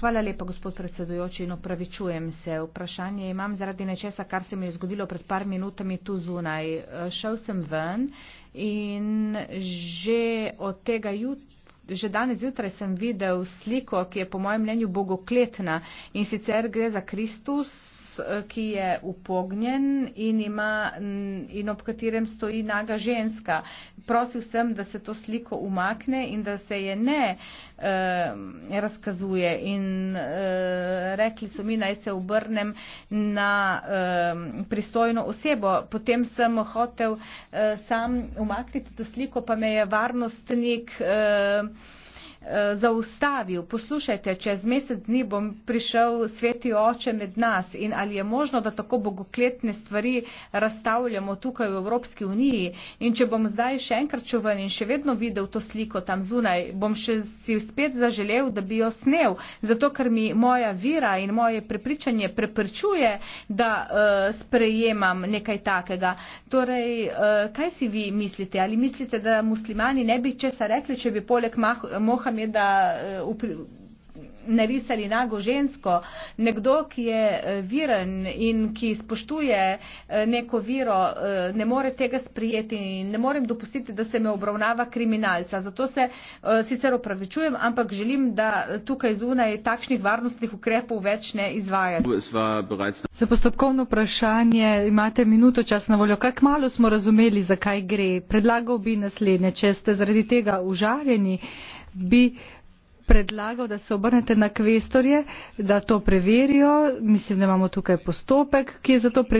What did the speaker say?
Hvala lepa, gospod predsedujoči, in opravičujem se. Vprašanje imam zaradi nečesa, kar se mi je zgodilo pred par minutami tu zunaj. Eh, šel sem ven in že od tega jutra. Že danes zjutraj sem videl sliko, ki je po mojem mnenju bogokletna in sicer gre za Kristus ki je upognjen in, ima, in ob katerem stoji naga ženska. Prosil sem, da se to sliko umakne in da se je ne eh, razkazuje. In, eh, rekli so mi, naj se obrnem na eh, pristojno osebo. Potem sem hotel eh, sam umakniti to sliko, pa me je varnostnik. Eh, Eh, zaustavil. Poslušajte, čez mesec dni bom prišel sveti oče med nas in ali je možno, da tako bogokletne stvari razstavljamo tukaj v Evropski uniji in če bom zdaj še enkrat čuven in še vedno videl to sliko tam zunaj, bom še si spet zaželel, da bi jo snel, zato ker mi moja vira in moje prepričanje preprečuje, da uh, sprejemam nekaj takega. Torej, uh, kaj si vi mislite? Ali mislite, da muslimani ne bi česa rekli, če bi poleg Mohamed mi je, da eh, ne risali nago žensko, nekdo, ki je eh, viren in ki spoštuje eh, neko viro, ne more tega sprijeti in ne morem dopustiti, da se me obravnava kriminalca. Zato se sicer opravičujem, ampak želim, da tukaj zunaj takšnih varnostnih ukrepov več ne izvaja. Za postopkovno vprašanje imate minuto čas na voljo. Kako malo smo razumeli, zakaj gre? Predlagal bi naslednje, če ste zaradi tega užaljeni bi predlagal da se obrnete na kvestorje da to preverijo mislim da imamo tukaj postopek ki je za to predviden.